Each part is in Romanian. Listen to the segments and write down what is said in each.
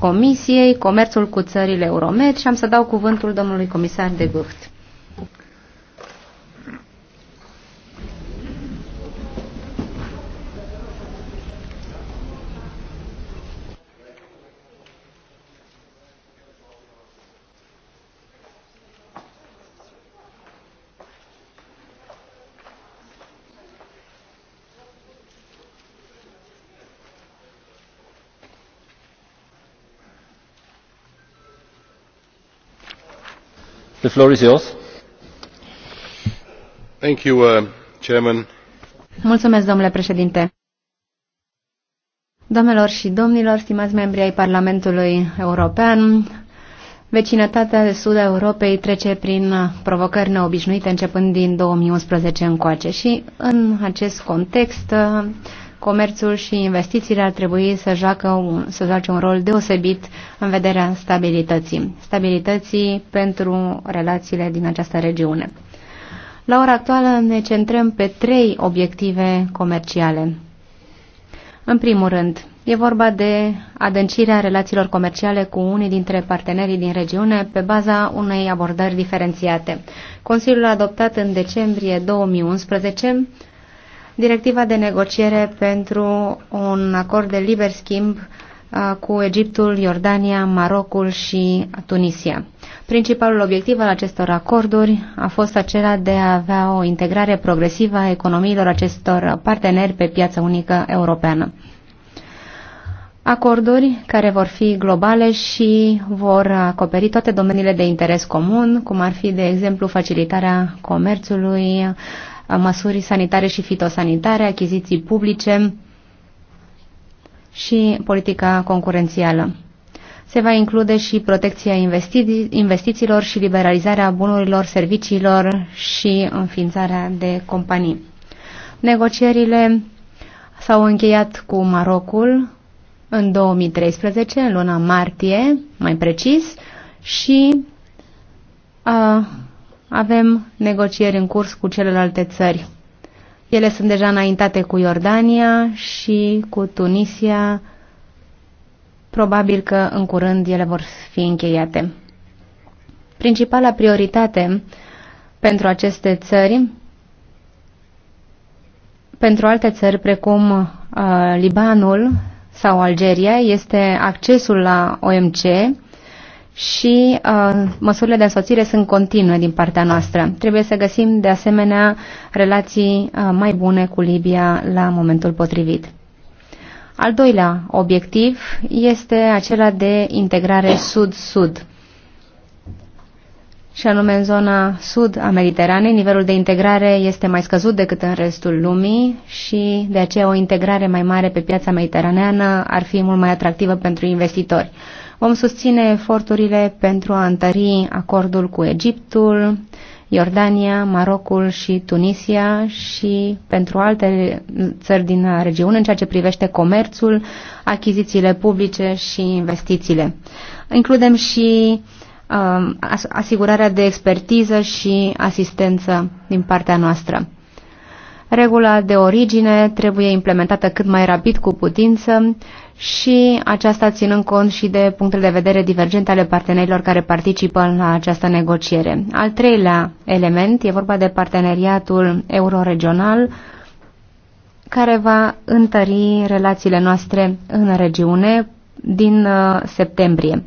Comisiei Comerțul cu țările Euromed și am să dau cuvântul domnului comisar de Gucht. Uh, Mulțumesc, domnule președinte. Doamnelor și domnilor, stimați membri ai Parlamentului European, vecinătatea de sud a Europei trece prin provocări neobișnuite începând din 2011 încoace și în acest context comerțul și investițiile ar trebui să, joacă un, să joace un rol deosebit în vederea stabilității, stabilității pentru relațiile din această regiune. La ora actuală ne centrăm pe trei obiective comerciale. În primul rând, e vorba de adâncirea relațiilor comerciale cu unii dintre partenerii din regiune pe baza unei abordări diferențiate. Consiliul a adoptat în decembrie 2011 directiva de negociere pentru un acord de liber schimb uh, cu Egiptul, Iordania, Marocul și Tunisia. Principalul obiectiv al acestor acorduri a fost acela de a avea o integrare progresivă a economiilor acestor parteneri pe piața unică europeană. Acorduri care vor fi globale și vor acoperi toate domeniile de interes comun, cum ar fi, de exemplu, facilitarea comerțului, măsuri sanitare și fitosanitare, achiziții publice și politica concurențială. Se va include și protecția investi investițiilor și liberalizarea bunurilor, serviciilor și înființarea de companii. Negocierile s-au încheiat cu Marocul în 2013, în luna martie, mai precis, și a, uh, avem negocieri în curs cu celelalte țări. Ele sunt deja înaintate cu Iordania și cu Tunisia. Probabil că în curând ele vor fi încheiate. Principala prioritate pentru aceste țări, pentru alte țări precum uh, Libanul sau Algeria, este accesul la OMC și uh, măsurile de însoțire sunt continue din partea noastră. Trebuie să găsim, de asemenea, relații uh, mai bune cu Libia la momentul potrivit. Al doilea obiectiv este acela de integrare sud-sud și anume în zona sud a Mediteranei, nivelul de integrare este mai scăzut decât în restul lumii și de aceea o integrare mai mare pe piața mediteraneană ar fi mult mai atractivă pentru investitori. Vom susține eforturile pentru a întări acordul cu Egiptul, Iordania, Marocul și Tunisia și pentru alte țări din regiune în ceea ce privește comerțul, achizițiile publice și investițiile. Includem și uh, asigurarea de expertiză și asistență din partea noastră. Regula de origine trebuie implementată cât mai rapid cu putință și aceasta ținând cont și de punctele de vedere divergente ale partenerilor care participă la această negociere. Al treilea element e vorba de parteneriatul euroregional care va întări relațiile noastre în regiune din uh, septembrie.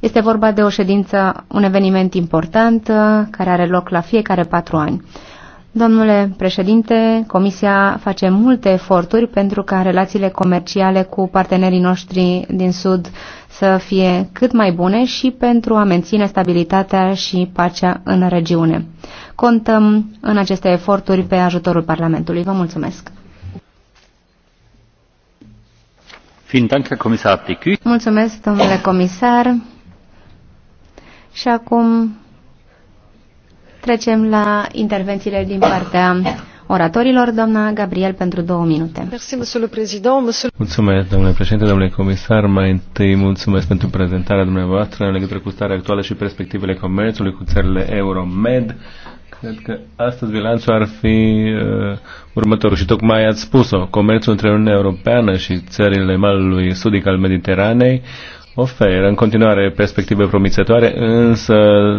Este vorba de o ședință, un eveniment important uh, care are loc la fiecare patru ani. Domnule președinte, Comisia face multe eforturi pentru ca relațiile comerciale cu partenerii noștri din Sud să fie cât mai bune și pentru a menține stabilitatea și pacea în regiune. Contăm în aceste eforturi pe ajutorul Parlamentului. Vă mulțumesc! Mulțumesc, domnule comisar. Și acum Trecem la intervențiile din partea oratorilor. Doamna Gabriel, pentru două minute. Mulțumesc, domnule președinte, domnule comisar. Mai întâi mulțumesc pentru prezentarea dumneavoastră în legătură cu starea actuală și perspectivele comerțului cu țările Euromed. Cred că astăzi bilanțul ar fi uh, următorul și tocmai ați spus-o. Comerțul între Uniunea Europeană și țările malului sudic al Mediteranei oferă în continuare perspective promițătoare, însă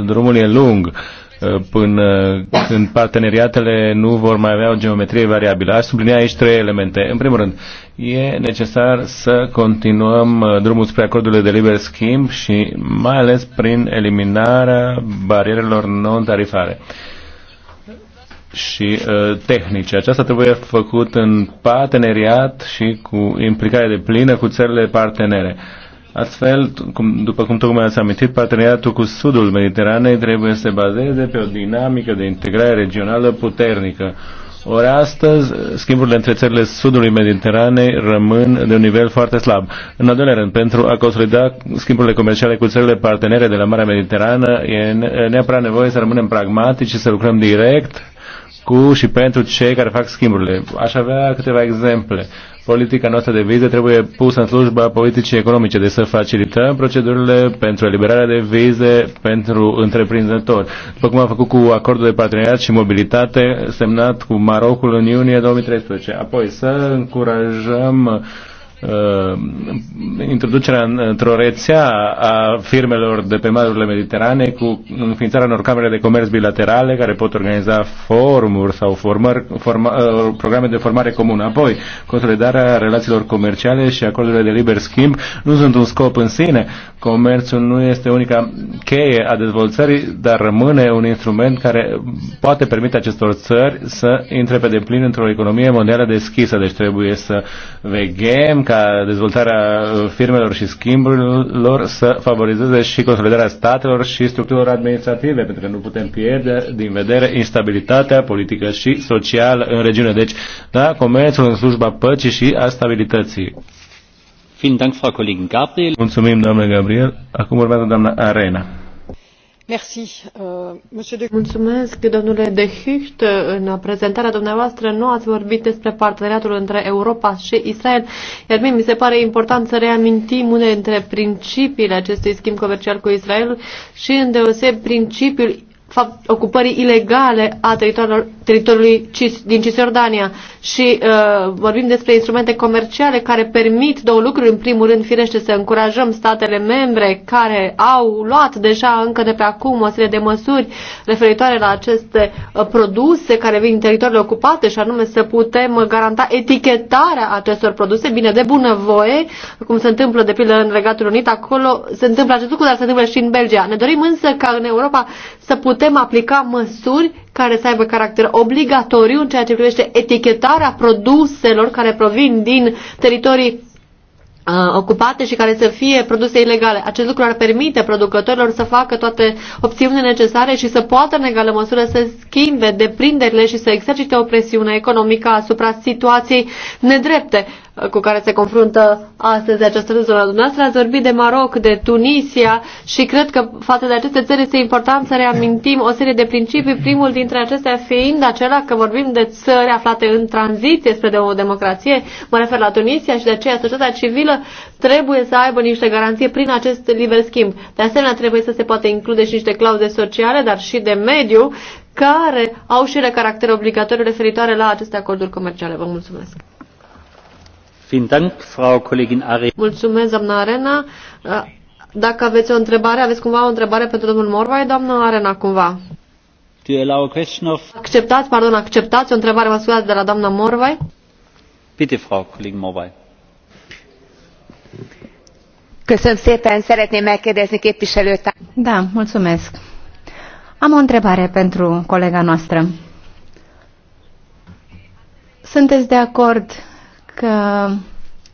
drumul e lung. Uh, Uh, până când parteneriatele nu vor mai avea o geometrie variabilă. Aș sublinia aici trei elemente. În primul rând, e necesar să continuăm uh, drumul spre acordurile de liber schimb și mai ales prin eliminarea barierelor non-tarifare și uh, tehnice. Aceasta trebuie făcut în parteneriat și cu implicare de plină cu țările partenere. Uh, Astfel, cum, după cum tocmai ați amintit, parteneriatul cu sudul Mediteranei trebuie să se bazeze pe o dinamică de integrare regională puternică. Ori astăzi, schimburile între țările sudului Mediteranei rămân de un nivel foarte slab. În al doilea rând, pentru a consolida schimburile comerciale cu țările partenere de la Marea Mediterană, e neapărat nevoie să rămânem pragmatici și să lucrăm direct cu și pentru cei care fac schimburile. Aș avea câteva exemple. Politica noastră de vize trebuie pusă în slujba politicii economice, de să facilităm procedurile pentru eliberarea de vize pentru întreprinzători. După cum am făcut cu acordul de parteneriat și mobilitate semnat cu Marocul în iunie 2013. Apoi să încurajăm uh, uh, introducerea într-o rețea a firmelor de pe marurile mediterane cu înființarea unor camere de comerț bilaterale care pot organiza formuri sau formări, forma, uh, programe de formare comună. Apoi, consolidarea relațiilor comerciale și acordurile de liber schimb nu sunt un scop în sine. Comerțul nu este unica cheie a dezvoltării, dar rămâne un instrument care poate permite acestor țări să intre pe deplin într-o economie mondială deschisă. Deci trebuie să veghem ca dezvoltarea uh, firmelor și schimburilor să favorizeze și consolidarea statelor și structurilor administrative, pentru că nu putem pierde din vedere instabilitatea politică și socială în regiune. Deci, da, comerțul în slujba păcii și a stabilității. Mulțumim, doamnă Gabriel. Acum urmează doamna Arena. Euh, Mulțumesc, domnule de gucht În prezentarea dumneavoastră nu ați vorbit despre parteneriatul între Europa și Israel, iar mie mi se pare important să reamintim unele dintre principiile acestui schimb comercial cu Israel și îndeosebi principiul fapt, ocupării ilegale a teritoriului, teritoriului Cis, din Cisjordania și uh, vorbim despre instrumente comerciale care permit două lucruri. În primul rând, firește, să încurajăm statele membre care au luat deja încă de pe acum o serie de măsuri referitoare la aceste uh, produse care vin din teritoriile ocupate și anume să putem garanta etichetarea acestor produse, bine, de bunăvoie, cum se întâmplă de pildă în Regatul Unit, acolo se întâmplă acest lucru, dar se întâmplă și în Belgia. Ne dorim însă ca în Europa să putem putem aplica măsuri care să aibă caracter obligatoriu în ceea ce privește etichetarea produselor care provin din teritorii uh, ocupate și care să fie produse ilegale. Acest lucru ar permite producătorilor să facă toate opțiunile necesare și să poată în egală măsură să schimbe deprinderile și să exercite o presiune economică asupra situației nedrepte cu care se confruntă astăzi această zonă. Dumneavoastră ați vorbit de Maroc, de Tunisia și cred că față de aceste țări este important să reamintim o serie de principii, primul dintre acestea fiind acela că vorbim de țări aflate în tranziție spre o democrație, mă refer la Tunisia și de aceea societatea civilă trebuie să aibă niște garanții prin acest liber schimb. De asemenea, trebuie să se poate include și niște clauze sociale, dar și de mediu, care au și ele caracter obligatoriu referitoare la aceste acorduri comerciale. Vă mulțumesc! Mulțumesc, doamna Arena. Dacă aveți o întrebare, aveți cumva o întrebare pentru domnul Morvai, doamna Arena, cumva? Acceptați, pardon, acceptați o întrebare, mă de la doamna Morvai? Bitte, Frau Kollegin Morvai. Köszönöm szépen, szeretném megkérdezni képviselőt. Da, mulțumesc. Am o întrebare pentru colega noastră. Sunteți de acord că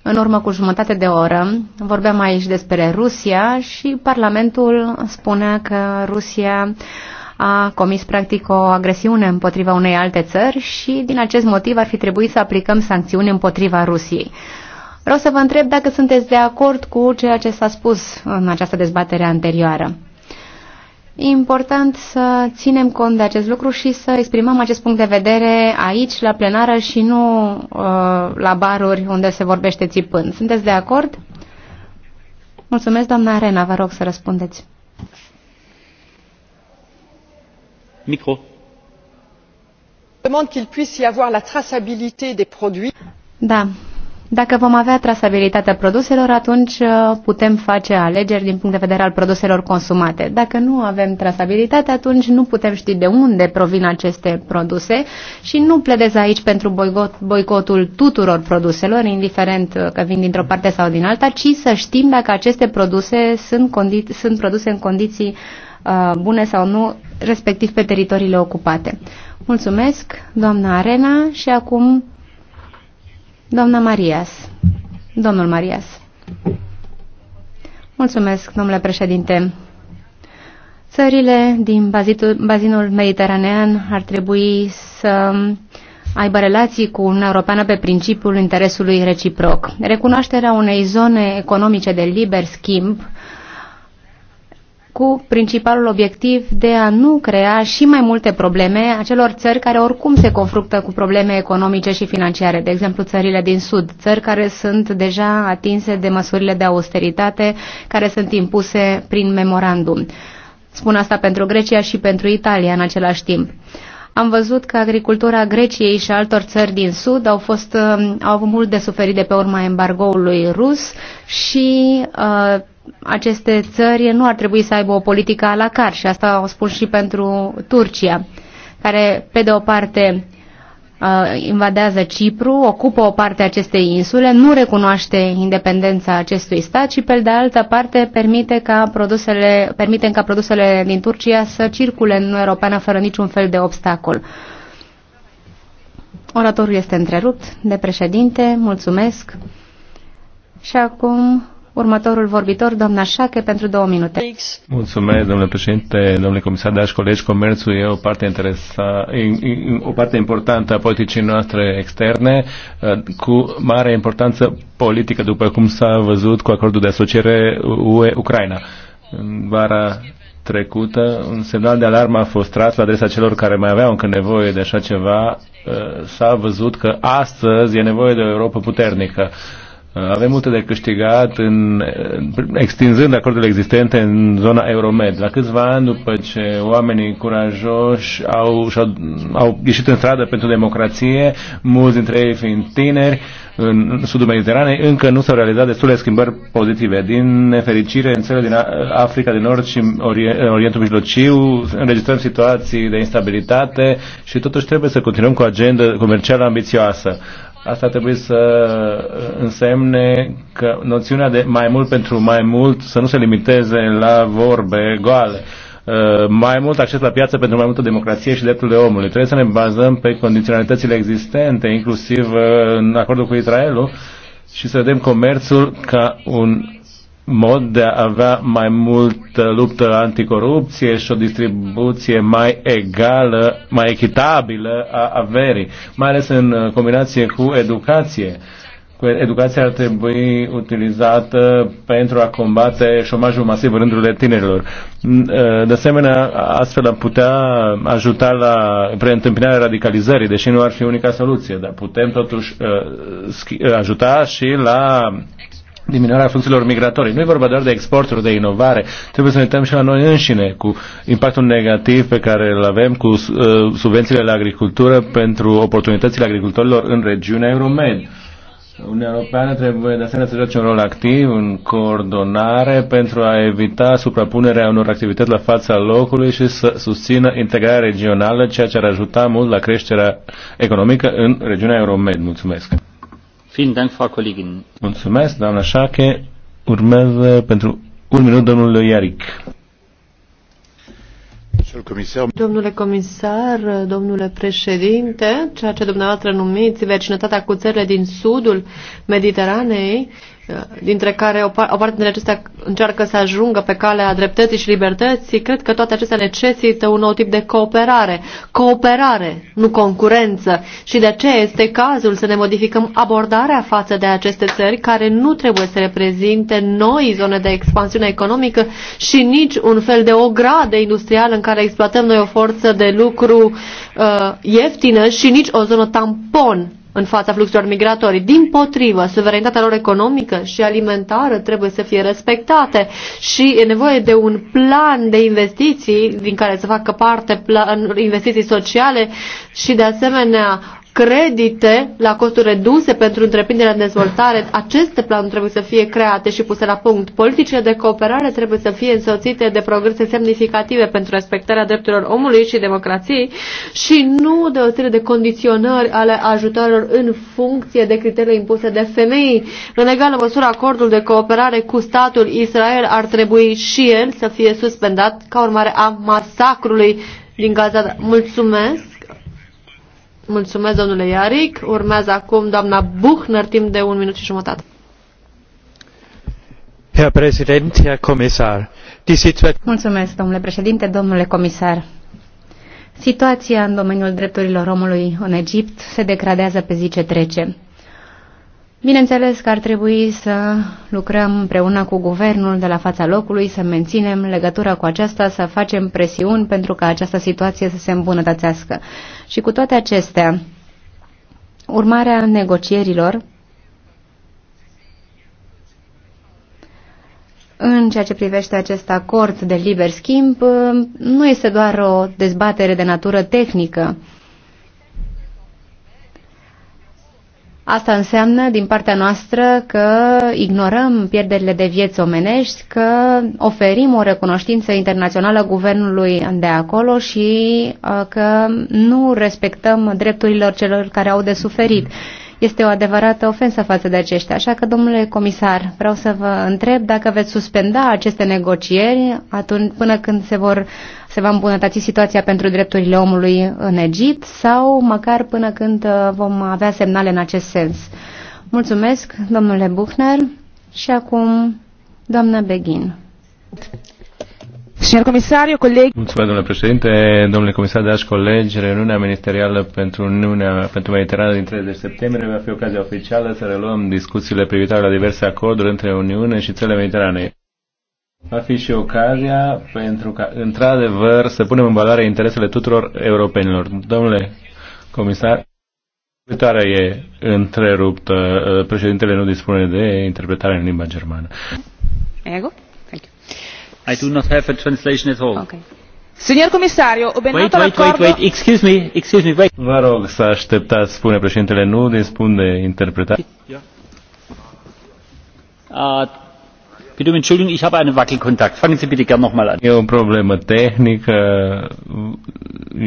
în urmă cu jumătate de oră vorbeam aici despre Rusia și Parlamentul spunea că Rusia a comis practic o agresiune împotriva unei alte țări și din acest motiv ar fi trebuit să aplicăm sancțiuni împotriva Rusiei. Vreau să vă întreb dacă sunteți de acord cu ceea ce s-a spus în această dezbatere anterioară. E important să ținem cont de acest lucru și să exprimăm acest punct de vedere aici, la plenară și nu uh, la baruri unde se vorbește țipând. Sunteți de acord? Mulțumesc, doamna Arena, vă rog să răspundeți. Micro. Demand qu'il puisse y avoir la traçabilité des produits. Da, dacă vom avea trasabilitatea produselor, atunci uh, putem face alegeri din punct de vedere al produselor consumate. Dacă nu avem trasabilitate, atunci nu putem ști de unde provin aceste produse și nu pledez aici pentru boicotul tuturor produselor, indiferent uh, că vin dintr-o parte sau din alta, ci să știm dacă aceste produse sunt, sunt produse în condiții uh, bune sau nu, respectiv pe teritoriile ocupate. Mulțumesc, doamna Arena, și acum Doamna Marias. Domnul Marias. Mulțumesc, domnule președinte. Țările din bazinul mediteranean ar trebui să aibă relații cu Uniunea Europeană pe principiul interesului reciproc. Recunoașterea unei zone economice de liber schimb cu principalul obiectiv de a nu crea și mai multe probleme acelor țări care oricum se confruntă cu probleme economice și financiare, de exemplu țările din Sud, țări care sunt deja atinse de măsurile de austeritate care sunt impuse prin memorandum. Spun asta pentru Grecia și pentru Italia în același timp. Am văzut că agricultura Greciei și altor țări din Sud au, fost, um, au avut mult de suferit de pe urma embargoului rus și uh, aceste țări nu ar trebui să aibă o politică a la car și asta o spun și pentru Turcia, care pe de o parte uh, invadează Cipru, ocupă o parte a acestei insule, nu recunoaște independența acestui stat și pe de altă parte permite ca produsele, permitem ca produsele din Turcia să circule în Europeană fără niciun fel de obstacol. Oratorul este întrerupt de președinte, mulțumesc. Și acum Următorul vorbitor, doamna Șache, pentru două minute. Mulțumesc, domnule președinte, domnule comisar, dragi colegi, comerțul e o parte, interesa, o parte importantă a politicii noastre externe, eh, cu mare importanță politică, după cum s-a văzut cu acordul de asociere UE-Ucraina. În vara trecută, un semnal de alarmă a fost tras la adresa celor care mai aveau încă nevoie de așa ceva. Eh, s-a văzut că astăzi e nevoie de o Europa puternică avem multe de câștigat în, extinzând acordurile existente în zona Euromed. La câțiva ani după ce oamenii curajoși au, -au, au ieșit în stradă pentru democrație, mulți dintre ei fiind tineri, în sudul Mediteranei, încă nu s-au realizat destule schimbări pozitive. Din nefericire, în țările din Africa de Nord și Orient, Orientul Mijlociu înregistrăm situații de instabilitate și totuși trebuie să continuăm cu o agendă comercială ambițioasă. Asta trebuie să uh, însemne că noțiunea de mai mult pentru mai mult să nu se limiteze la vorbe goale. Uh, mai mult acces la piață pentru mai multă democrație și drepturile omului. Trebuie să ne bazăm pe condiționalitățile existente, inclusiv uh, în acordul cu Israelul, și să vedem comerțul ca un mod de a avea mai multă luptă anticorupție și o distribuție mai egală, mai echitabilă a averii, mai ales în combinație cu educație. Educația ar trebui utilizată pentru a combate șomajul masiv în rândurile tinerilor. Ă, de asemenea, astfel ar putea ajuta la preîntâmpinarea radicalizării, deși nu ar fi unica soluție, dar putem totuși ă, ă, ajuta și la diminuarea fluxurilor migratorii. Nu e vorba doar de exporturi, de inovare. Trebuie să ne uităm și la noi înșine cu impactul negativ pe care îl avem cu uh, subvențiile la agricultură pentru oportunitățile agricultorilor în regiunea Euromed. Uniunea Europeană trebuie de asemenea să joace un rol activ în coordonare pentru a evita suprapunerea unor activități la fața locului și să susțină integrarea regională, ceea ce ar ajuta mult la creșterea economică în regiunea Euromed. Mulțumesc! Mulțumesc, doamna Șache. Urmează pentru un minut domnul Iaric. Domnule comisar, domnule președinte, ceea ce dumneavoastră numiți vecinătatea cu țările din sudul Mediteranei dintre care o, o parte din acestea încearcă să ajungă pe calea dreptății și libertății, cred că toate acestea necesită un nou tip de cooperare. Cooperare, nu concurență. Și de aceea este cazul să ne modificăm abordarea față de aceste țări care nu trebuie să reprezinte noi zone de expansiune economică și nici un fel de o gradă industrială în care exploatăm noi o forță de lucru uh, ieftină și nici o zonă tampon în fața fluxurilor migratorii. Din potrivă, suverenitatea lor economică și alimentară trebuie să fie respectate și e nevoie de un plan de investiții din care să facă parte plan, investiții sociale și de asemenea credite la costuri reduse pentru întreprinderea de dezvoltare. Aceste planuri trebuie să fie create și puse la punct. Politicile de cooperare trebuie să fie însoțite de progrese semnificative pentru respectarea drepturilor omului și democrației și nu de o serie de condiționări ale ajutorilor în funcție de criteriile impuse de femei. În egală măsură, acordul de cooperare cu statul Israel ar trebui și el să fie suspendat ca urmare a masacrului din Gaza. Mulțumesc! Mulțumesc, domnule Iaric. Urmează acum doamna Buchner, timp de un minut și jumătate. Herr Präsident, Herr Kommissar. Mulțumesc, domnule președinte, domnule comisar. Situația în domeniul drepturilor omului în Egipt se degradează pe zi ce trece. Bineînțeles că ar trebui să lucrăm împreună cu guvernul de la fața locului, să menținem legătura cu aceasta, să facem presiuni pentru ca această situație să se îmbunătățească. Și cu toate acestea, urmarea negocierilor în ceea ce privește acest acord de liber schimb nu este doar o dezbatere de natură tehnică, Asta înseamnă, din partea noastră, că ignorăm pierderile de vieți omenești, că oferim o recunoștință internațională guvernului de acolo și uh, că nu respectăm drepturile celor care au de suferit. Este o adevărată ofensă față de aceștia. Așa că, domnule comisar, vreau să vă întreb dacă veți suspenda aceste negocieri atunci, până când se vor uh, se va îmbunătăți situația pentru drepturile omului în Egipt sau măcar până când uh, vom avea semnale în acest sens. Mulțumesc, domnule Buchner, și acum doamna Beghin. Domnule Comisar, colegi. Mulțumesc, domnule președinte, domnule comisar, dragi colegi, reuniunea ministerială pentru Uniunea pentru Mediterană din 30 septembrie va fi ocazia oficială să reluăm discuțiile privitoare la diverse acorduri între Uniune și țările mediterane va fi și ocazia pentru ca, într-adevăr, să punem în valoare interesele tuturor europenilor. Domnule comisar, interpretarea e întreruptă. Președintele nu dispune de interpretare în limba germană. Ego? Thank you. I do not have a translation at all. Okay. Signor comisario, ho ben wait, wait, wait, wait, excuse me, excuse me, wait. Vă rog să așteptați, spune președintele, nu dispun de interpretare. Yeah. Uh, Bitte um ich habe einen Wackelkontakt. Fangen Sie bitte gern nochmal an. E o problemă tehnică,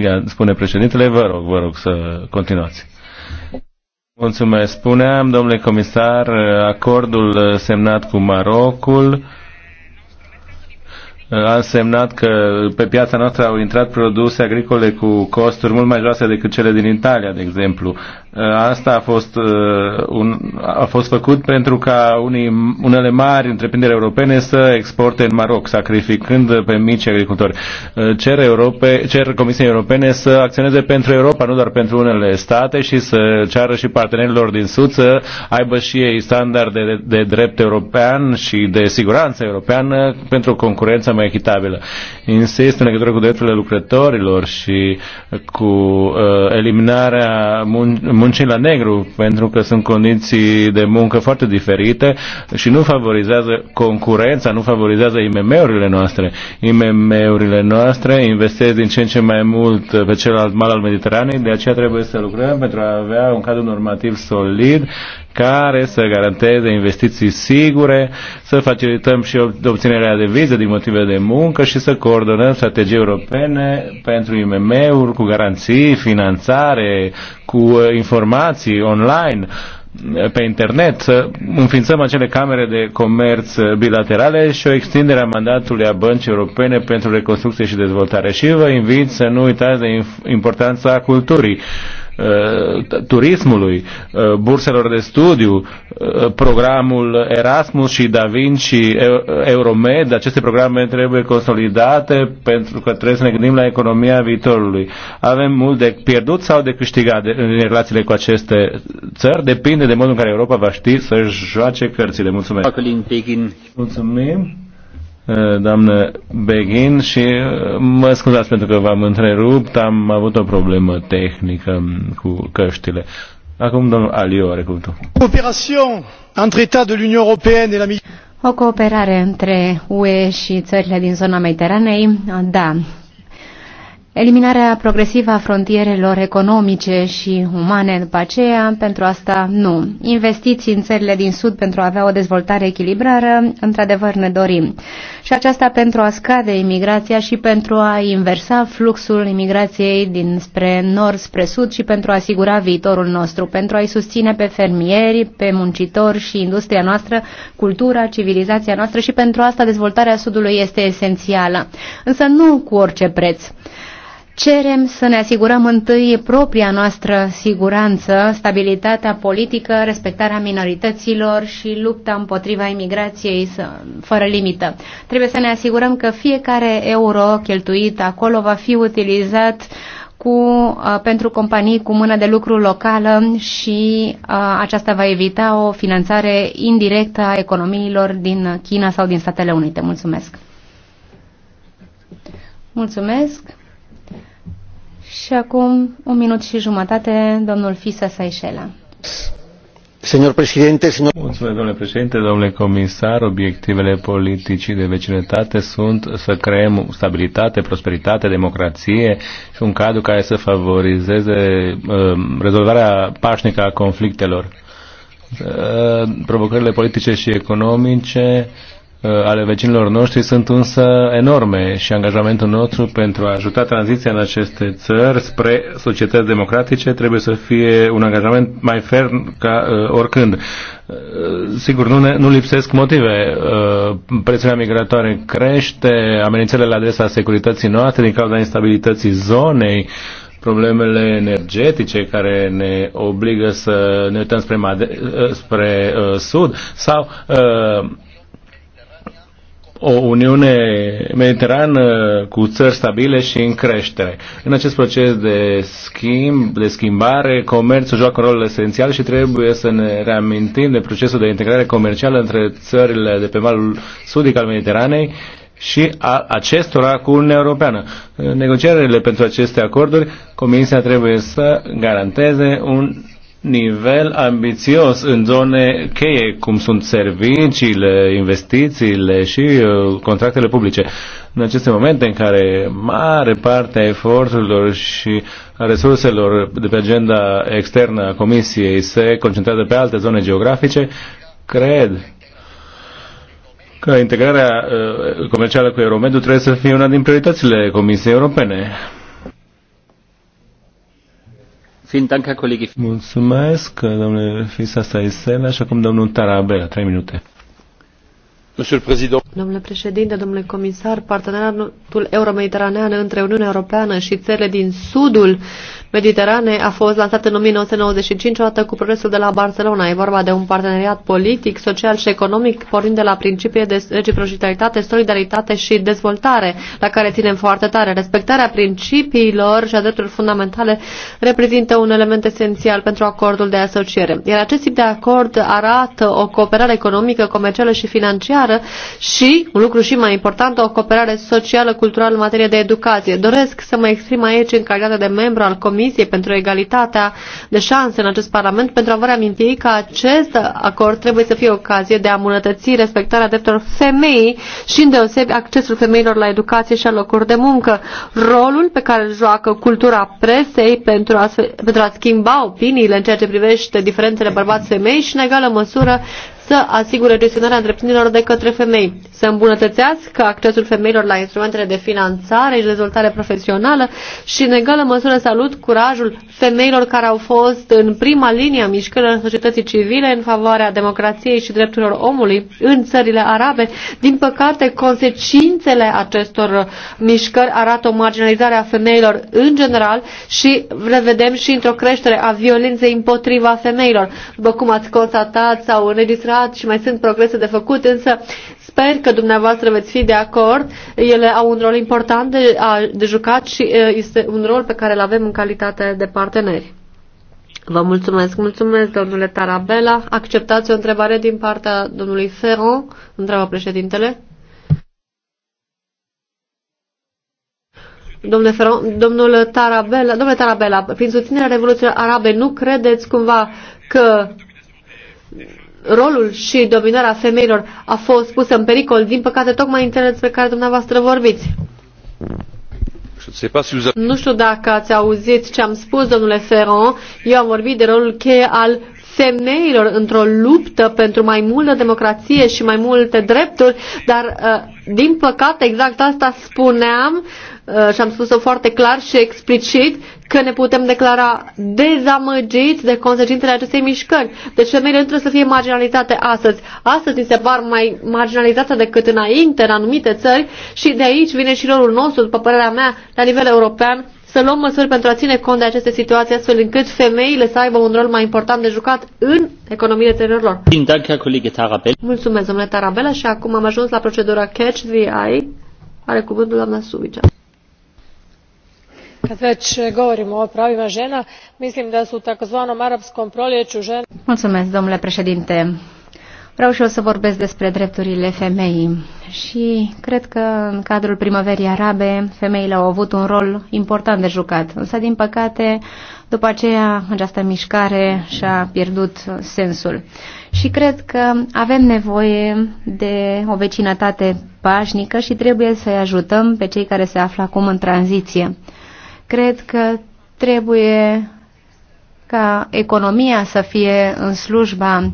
ia, spune președintele, vă rog, vă rog să continuați. Mulțumesc. Spuneam, domnule comisar, acordul semnat cu Marocul a însemnat că pe piața noastră au intrat produse agricole cu costuri mult mai joase decât cele din Italia, de exemplu. Asta a fost, uh, un, a fost făcut pentru ca unii, unele mari întreprinderi europene să exporte în Maroc, sacrificând pe mici agricultori. Uh, cer, Europe, cer Comisiei Europene să acționeze pentru Europa, nu doar pentru unele state și să ceară și partenerilor din Sud să aibă și ei standarde de, de drept european și de siguranță europeană pentru concurență mai echitabilă. Insist în legătură cu drepturile lucrătorilor și cu uh, eliminarea mun- muncii la negru, pentru că sunt condiții de muncă foarte diferite și nu favorizează concurența, nu favorizează IMM-urile noastre. IMM-urile noastre investesc din ce în ce mai mult pe celălalt mal al Mediteranei, de aceea trebuie să lucrăm pentru a avea un cadru normativ solid care să garanteze investiții sigure, să facilităm și obținerea de vize din motive de muncă și să coordonăm strategii europene pentru IMM-uri cu garanții, finanțare, cu uh, informații online uh, pe internet, să înființăm acele camere de comerț uh, bilaterale și o extindere a mandatului a Băncii Europene pentru Reconstrucție și Dezvoltare. Și vă invit să nu uitați de importanța culturii Uh, turismului, uh, burselor de studiu, uh, programul Erasmus și Da Vinci, Euromed, aceste programe trebuie consolidate pentru că trebuie să ne gândim la economia viitorului. Avem mult de pierdut sau de câștigat în relațiile cu aceste țări, depinde de modul în care Europa va ști să-și joace cărțile. Mulțumesc! Mulțumim! Eh, doamnă Begin și eh, mă scuzați pentru că v-am întrerupt, am avut o problemă tehnică cu căștile. Acum domnul Alio are cuvântul. Cooperation între de l'Union Européenne et la o cooperare între UE și țările din zona Mediteranei, da, Eliminarea progresivă a frontierelor economice și umane după aceea, pentru asta nu. Investiții în țările din Sud pentru a avea o dezvoltare echilibrară, într-adevăr ne dorim. Și aceasta pentru a scade imigrația și pentru a inversa fluxul imigrației din spre nord spre sud și pentru a asigura viitorul nostru, pentru a-i susține pe fermieri, pe muncitori și industria noastră, cultura, civilizația noastră și pentru asta dezvoltarea Sudului este esențială. Însă nu cu orice preț cerem să ne asigurăm întâi propria noastră siguranță, stabilitatea politică, respectarea minorităților și lupta împotriva imigrației fără limită. Trebuie să ne asigurăm că fiecare euro cheltuit acolo va fi utilizat cu, pentru companii cu mână de lucru locală și a, aceasta va evita o finanțare indirectă a economiilor din China sau din Statele Unite. Mulțumesc! Mulțumesc! Și acum un minut și jumătate, domnul Fisa Saișela. Senor președinte, senor... Mulțumesc, domnule președinte, domnule comisar. Obiectivele politicii de vecinătate sunt să creăm stabilitate, prosperitate, democrație și un cadru care să favorizeze uh, rezolvarea pașnică a conflictelor. Uh, provocările politice și economice Uh, ale vecinilor noștri sunt însă enorme și angajamentul nostru pentru a ajuta tranziția în aceste țări spre societăți democratice trebuie să fie un angajament mai ferm ca uh, oricând. Uh, sigur, nu, ne, nu lipsesc motive. Uh, prețurile migratoare crește, amenințele la adresa securității noastre din cauza instabilității zonei, problemele energetice care ne obligă să ne uităm spre, Made- uh, spre uh, sud sau uh, o Uniune Mediterană cu țări stabile și în creștere. În acest proces de schimb, de schimbare, comerțul joacă un rol esențial și trebuie să ne reamintim de procesul de integrare comercială între țările de pe malul sudic al Mediteranei și a acestora cu Uniunea Europeană. În negocierile pentru aceste acorduri, Comisia trebuie să garanteze un nivel ambițios în zone cheie, cum sunt serviciile, investițiile și uh, contractele publice. În aceste momente în care mare parte a eforturilor și a resurselor de pe agenda externă a Comisiei se concentrează pe alte zone geografice, cred că integrarea uh, comercială cu Euromedu trebuie să fie una din prioritățile Comisiei Europene. Mulțumesc, domnule Fisa Saisela, așa cum domnul Tarabella, trei minute. Domnule președinte, domnule comisar, parteneriatul euromediteranean între Uniunea Europeană și țările din sudul Mediterane a fost lansat în 1995 odată cu progresul de la Barcelona. E vorba de un parteneriat politic, social și economic, pornind de la principii de reciprocitate, solidaritate și dezvoltare, la care ținem foarte tare. Respectarea principiilor și a drepturilor fundamentale reprezintă un element esențial pentru acordul de asociere. Iar acest tip de acord arată o cooperare economică, comercială și financiară și, un lucru și mai important, o cooperare socială, culturală în materie de educație. Doresc să mă exprim aici în calitate de membru al Comisiei Comisie pentru Egalitatea de Șanse în acest Parlament pentru a vă reaminti că acest acord trebuie să fie ocazie de a îmbunătăți respectarea drepturilor femeii și îndeosebi accesul femeilor la educație și la locuri de muncă. Rolul pe care îl joacă cultura presei pentru a, pentru a schimba opiniile în ceea ce privește diferențele bărbați-femei și în egală măsură să asigure gestionarea întreprinderilor de către femei, să îmbunătățească accesul femeilor la instrumentele de finanțare și dezvoltare profesională și, în egală măsură, salut curajul femeilor care au fost în prima linie a mișcărilor societății civile în favoarea democrației și drepturilor omului în țările arabe. Din păcate, consecințele acestor mișcări arată o marginalizare a femeilor în general și revedem și într-o creștere a violenței împotriva femeilor. După cum ați constatat sau înregistrat, încheiat și mai sunt progrese de făcut, însă sper că dumneavoastră veți fi de acord. Ele au un rol important de, de jucat și este un rol pe care îl avem în calitate de parteneri. Vă mulțumesc, mulțumesc, domnule Tarabella. Acceptați o întrebare din partea domnului Ferron? Întreabă președintele. Domnule, Ferron, domnule Tarabella, domnule Tarabella, prin susținerea Revoluției Arabe, nu credeți cumva că rolul și dominarea femeilor a fost pusă în pericol, din păcate, tocmai în țările despre care dumneavoastră vorbiți. Nu știu dacă ați auzit ce am spus, domnule Ferron. Eu am vorbit de rolul cheie al femeilor într-o luptă pentru mai multă democrație și mai multe drepturi, dar uh, din păcate exact asta spuneam uh, și am spus-o foarte clar și explicit că ne putem declara dezamăgiți de consecințele acestei mișcări. Deci femeile nu trebuie să fie marginalizate astăzi. Astăzi ni se par mai marginalizate decât înainte în anumite țări și de aici vine și rolul nostru, după părerea mea, la nivel european, să luăm măsuri pentru a ține cont de aceste situații, astfel încât femeile să aibă un rol mai important de jucat în economiile țărilor lor. Mulțumesc, domnule Tarabella, și acum am ajuns la procedura Catch the Eye. Are cuvântul doamna Suvica. Kad već govorimo o pravima žena, mislim da su u takozvanom arapskom proljeću žene... Mulțumesc, domnule președinte. Vreau și eu să vorbesc despre drepturile femeii și cred că în cadrul primăverii arabe femeile au avut un rol important de jucat, însă din păcate după aceea această mișcare și-a pierdut sensul. Și cred că avem nevoie de o vecinătate pașnică și trebuie să-i ajutăm pe cei care se află acum în tranziție. Cred că trebuie ca economia să fie în slujba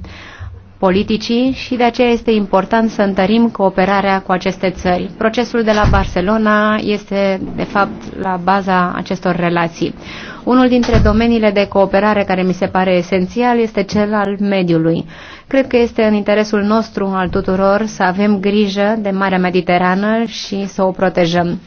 politicii și de aceea este important să întărim cooperarea cu aceste țări. Procesul de la Barcelona este, de fapt, la baza acestor relații. Unul dintre domeniile de cooperare care mi se pare esențial este cel al mediului. Cred că este în interesul nostru al tuturor să avem grijă de Marea Mediterană și să o protejăm.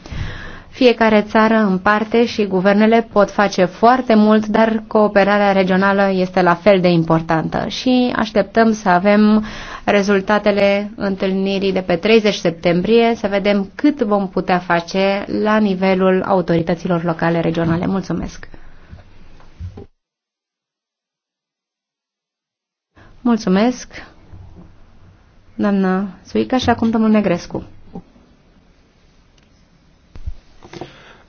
Fiecare țară în parte și guvernele pot face foarte mult, dar cooperarea regională este la fel de importantă și așteptăm să avem rezultatele întâlnirii de pe 30 septembrie, să vedem cât vom putea face la nivelul autorităților locale regionale. Mulțumesc! Mulțumesc, doamna Suica, și acum domnul Negrescu.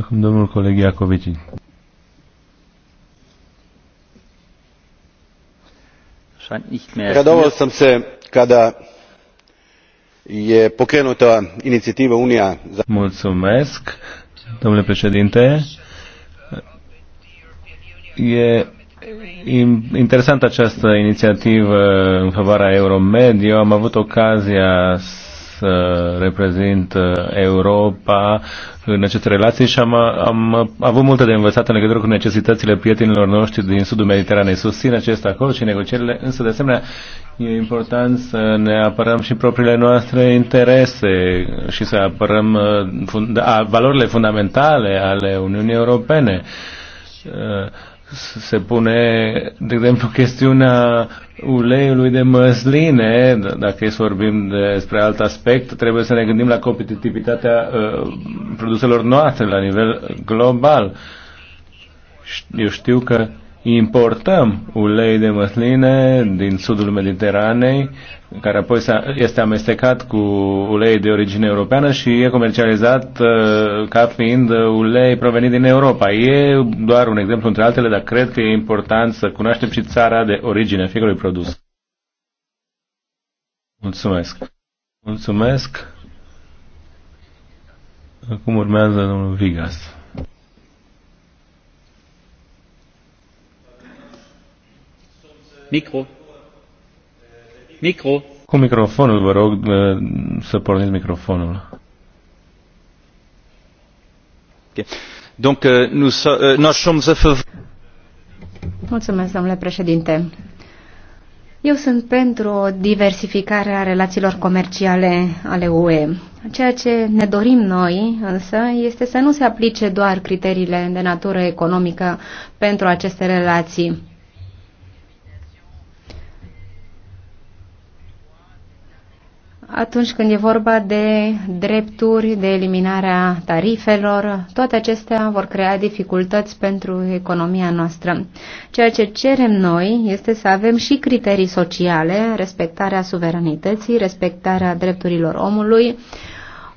Acum domnul coleg Iacovici. radovao sam se kada je pokrenuta inicijativa unija za. mulțumesc domnule președinte e interesantă această inițiativă în favoarea Euromed. Eu am avut ocazia să reprezint uh, Europa în aceste relații și am, am avut multe de învățat în legătură cu necesitățile prietenilor noștri din sudul Mediteranei. Susțin acest acord și negocierile, însă de asemenea e important să ne apărăm și propriile noastre interese și să apărăm uh, da, a, valorile fundamentale ale Uniunii Europene uh, se pune, de exemplu, chestiunea uleiului de măsline, dacă e să vorbim despre alt aspect, trebuie să ne gândim la competitivitatea uh, produselor noastre la nivel global. Eu știu că importăm ulei de măsline din sudul Mediteranei, care apoi este amestecat cu ulei de origine europeană și e comercializat uh, ca fiind ulei provenit din Europa. E doar un exemplu între altele, dar cred că e important să cunoaștem și țara de origine a fiecărui produs. Mulțumesc. Mulțumesc. Acum urmează domnul Vigas. Micro. Micro. Cu microfonul, vă rog să porniți microfonul. Euh, euh, Mulțumesc, domnule președinte. Eu sunt pentru o diversificare a relațiilor comerciale ale UE. Ceea ce ne dorim noi, însă, este să nu se aplice doar criteriile de natură economică pentru aceste relații. atunci când e vorba de drepturi, de eliminarea tarifelor, toate acestea vor crea dificultăți pentru economia noastră. Ceea ce cerem noi este să avem și criterii sociale, respectarea suveranității, respectarea drepturilor omului,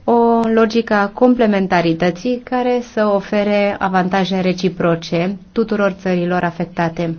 o logică a complementarității care să ofere avantaje reciproce tuturor țărilor afectate.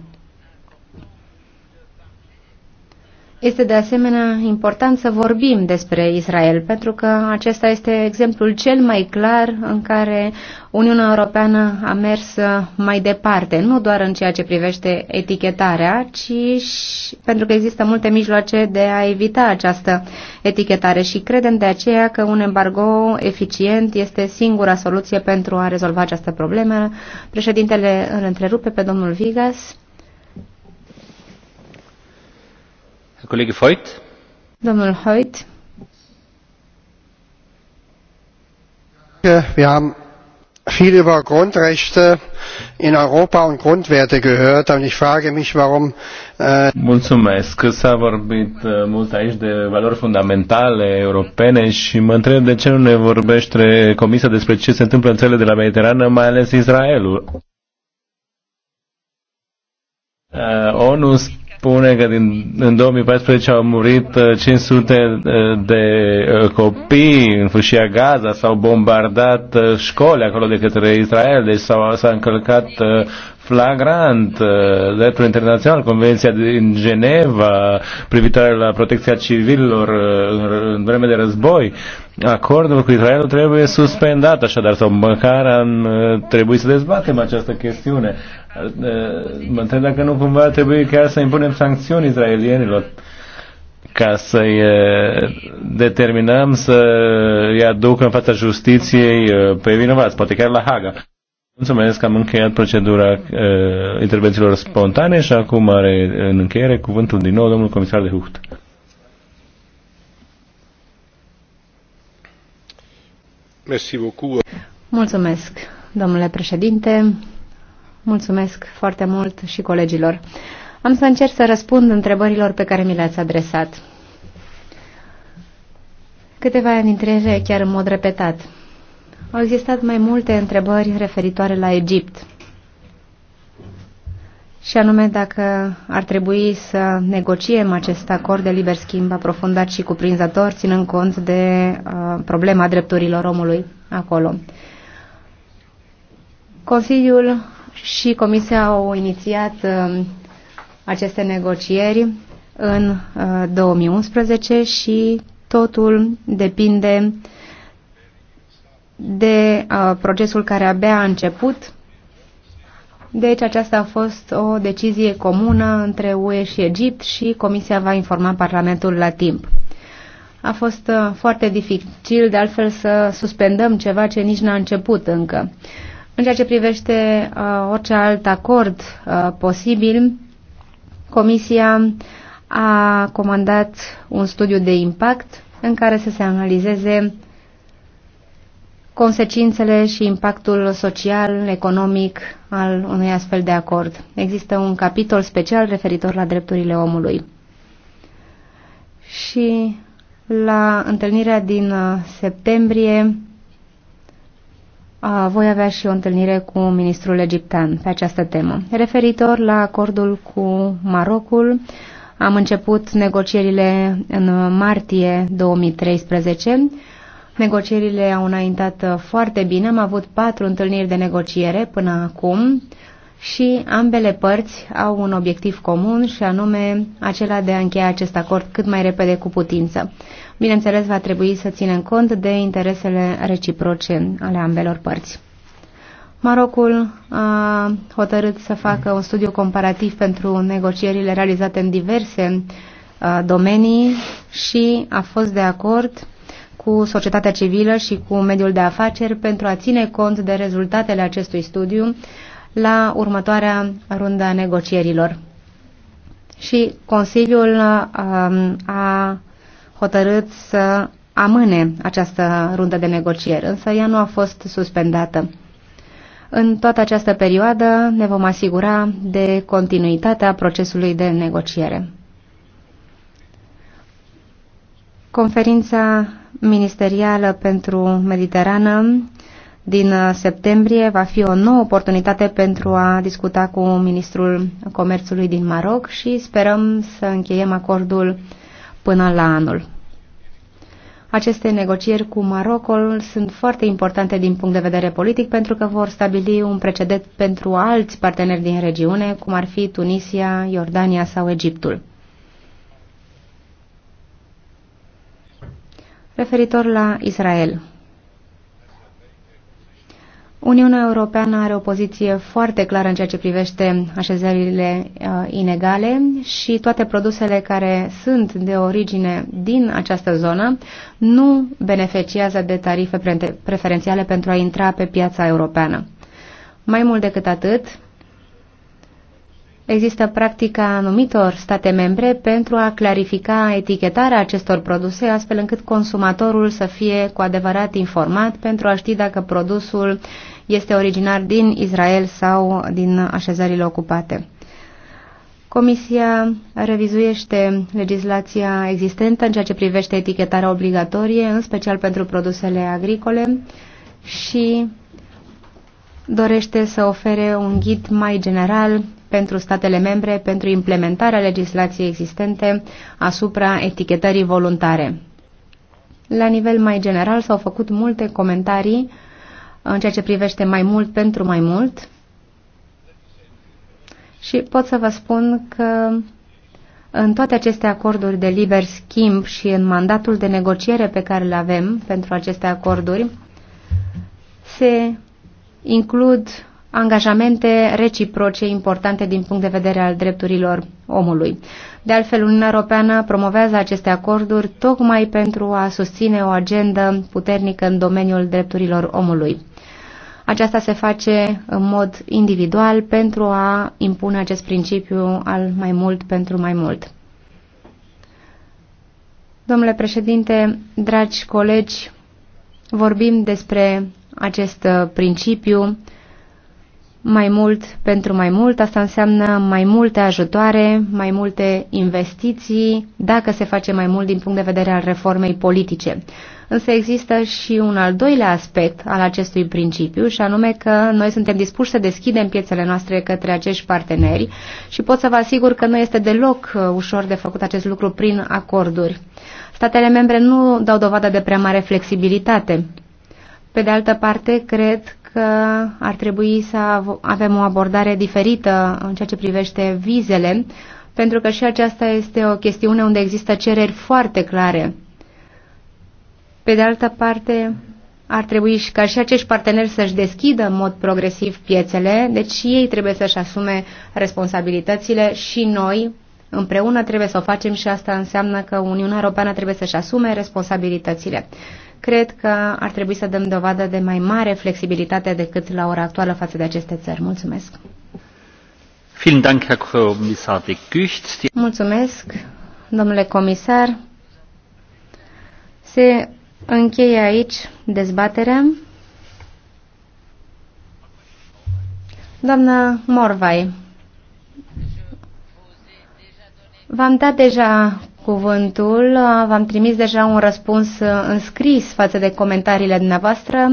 Este de asemenea important să vorbim despre Israel, pentru că acesta este exemplul cel mai clar în care Uniunea Europeană a mers mai departe, nu doar în ceea ce privește etichetarea, ci și pentru că există multe mijloace de a evita această etichetare și credem de aceea că un embargo eficient este singura soluție pentru a rezolva această problemă. Președintele îl întrerupe pe domnul Vigas. Colegii Foyt. Domnul Hoyt. Wir haben viel über Grundrechte in Europa und Grundwerte gehört und ich frage mich, warum. Äh, Mulțumesc. S-a vorbit uh, mult aici de valori fundamentale europene și mă întreb de ce nu ne vorbește Comisia despre ce se întâmplă în țările de la Mediterană, mai ales Israelul. Uh, ONU spune că din, în 2014 au murit 500 uh, uh, de uh, copii în fâșia Gaza, s-au bombardat școli acolo de către Israel, deci s-a, s-a încălcat flagrant dreptul internațional, Convenția din Geneva privitoare la protecția civililor în, vreme de război. Acordul cu Israel trebuie suspendat, așadar, sau măcar am trebuit să dezbatem această chestiune. Eh, mă întreb dacă nu cumva trebuie ca să impunem sancțiuni izraelienilor ca să-i eh, determinăm să-i aducă în fața justiției eh, pe vinovați, poate chiar la Haga. Mulțumesc că am încheiat procedura uh, intervențiilor spontane și acum are în încheiere cuvântul din nou domnul comisar de Hucht. Mulțumesc, domnule președinte, Mulțumesc foarte mult și colegilor. Am să încerc să răspund întrebărilor pe care mi le-ați adresat. Câteva dintre ele chiar în mod repetat. Au existat mai multe întrebări referitoare la Egipt. Și anume dacă ar trebui să negociem acest acord de liber schimb aprofundat și cuprinzător, ținând cont de uh, problema drepturilor omului acolo. Consiliul și Comisia au inițiat um, aceste negocieri în 2011 uh, și totul depinde de uh, procesul care abia a început. Deci aceasta a fost o decizie comună între UE și Egipt și Comisia va informa Parlamentul la timp. A fost uh, foarte dificil de altfel să suspendăm ceva ce nici n-a început încă. În ceea ce privește uh, orice alt acord uh, posibil, Comisia a comandat un studiu de impact în care să se analizeze consecințele și impactul social, economic al unui astfel de acord. Există un capitol special referitor la drepturile omului. Și la întâlnirea din uh, septembrie, voi avea și o întâlnire cu ministrul egiptean pe această temă. Referitor la acordul cu Marocul, am început negocierile în martie 2013. Negocierile au înaintat foarte bine, am avut patru întâlniri de negociere până acum și ambele părți au un obiectiv comun și anume acela de a încheia acest acord cât mai repede cu putință. Bineînțeles, va trebui să ținem cont de interesele reciproce ale ambelor părți. Marocul a hotărât să facă un studiu comparativ pentru negocierile realizate în diverse domenii și a fost de acord cu societatea civilă și cu mediul de afaceri pentru a ține cont de rezultatele acestui studiu, la următoarea rundă a negocierilor. Și Consiliul um, a hotărât să amâne această rundă de negocieri, însă ea nu a fost suspendată. În toată această perioadă ne vom asigura de continuitatea procesului de negociere. Conferința ministerială pentru Mediterană din uh, septembrie va fi o nouă oportunitate pentru a discuta cu ministrul comerțului din Maroc și sperăm să încheiem acordul până la anul. Aceste negocieri cu Marocul sunt foarte importante din punct de vedere politic pentru că vor stabili un precedent pentru alți parteneri din regiune, cum ar fi Tunisia, Iordania sau Egiptul. Referitor la Israel, Uniunea Europeană are o poziție foarte clară în ceea ce privește așezările uh, inegale și toate produsele care sunt de origine din această zonă nu beneficiază de tarife preferențiale pentru a intra pe piața europeană. Mai mult decât atât, Există practica anumitor state membre pentru a clarifica etichetarea acestor produse, astfel încât consumatorul să fie cu adevărat informat pentru a ști dacă produsul este originar din Israel sau din așezările ocupate. Comisia revizuiește legislația existentă în ceea ce privește etichetarea obligatorie, în special pentru produsele agricole și dorește să ofere un ghid mai general pentru statele membre pentru implementarea legislației existente asupra etichetării voluntare. La nivel mai general s-au făcut multe comentarii uh, în ceea ce privește mai mult pentru mai mult. Și pot să vă spun că în toate aceste acorduri de liber schimb și în mandatul de negociere pe care îl avem pentru aceste acorduri, se includ angajamente reciproce importante din punct de vedere al drepturilor omului. De altfel, Uniunea Europeană promovează aceste acorduri tocmai pentru a susține o agendă puternică în domeniul drepturilor omului. Aceasta se face în mod individual pentru a impune acest principiu al mai mult pentru mai mult. Domnule președinte, dragi colegi, vorbim despre acest principiu mai mult pentru mai mult, asta înseamnă mai multe ajutoare, mai multe investiții, dacă se face mai mult din punct de vedere al reformei politice. Însă există și un al doilea aspect al acestui principiu și anume că noi suntem dispuși să deschidem piețele noastre către acești parteneri și pot să vă asigur că nu este deloc uh, ușor de făcut acest lucru prin acorduri. Statele membre nu dau dovadă de prea mare flexibilitate. Pe de altă parte, cred că ar trebui să avem o abordare diferită în ceea ce privește vizele, pentru că și aceasta este o chestiune unde există cereri foarte clare. Pe de altă parte, ar trebui și ca și acești parteneri să-și deschidă în mod progresiv piețele, deci și ei trebuie să-și asume responsabilitățile și noi împreună trebuie să o facem și asta înseamnă că Uniunea Europeană trebuie să-și asume responsabilitățile cred că ar trebui să dăm dovadă de mai mare flexibilitate decât la ora actuală față de aceste țări. Mulțumesc! Mulțumesc, domnule comisar. Se încheie aici dezbaterea. Doamna Morvai, v-am dat deja cuvântul. V-am trimis deja un răspuns uh, înscris față de comentariile dumneavoastră.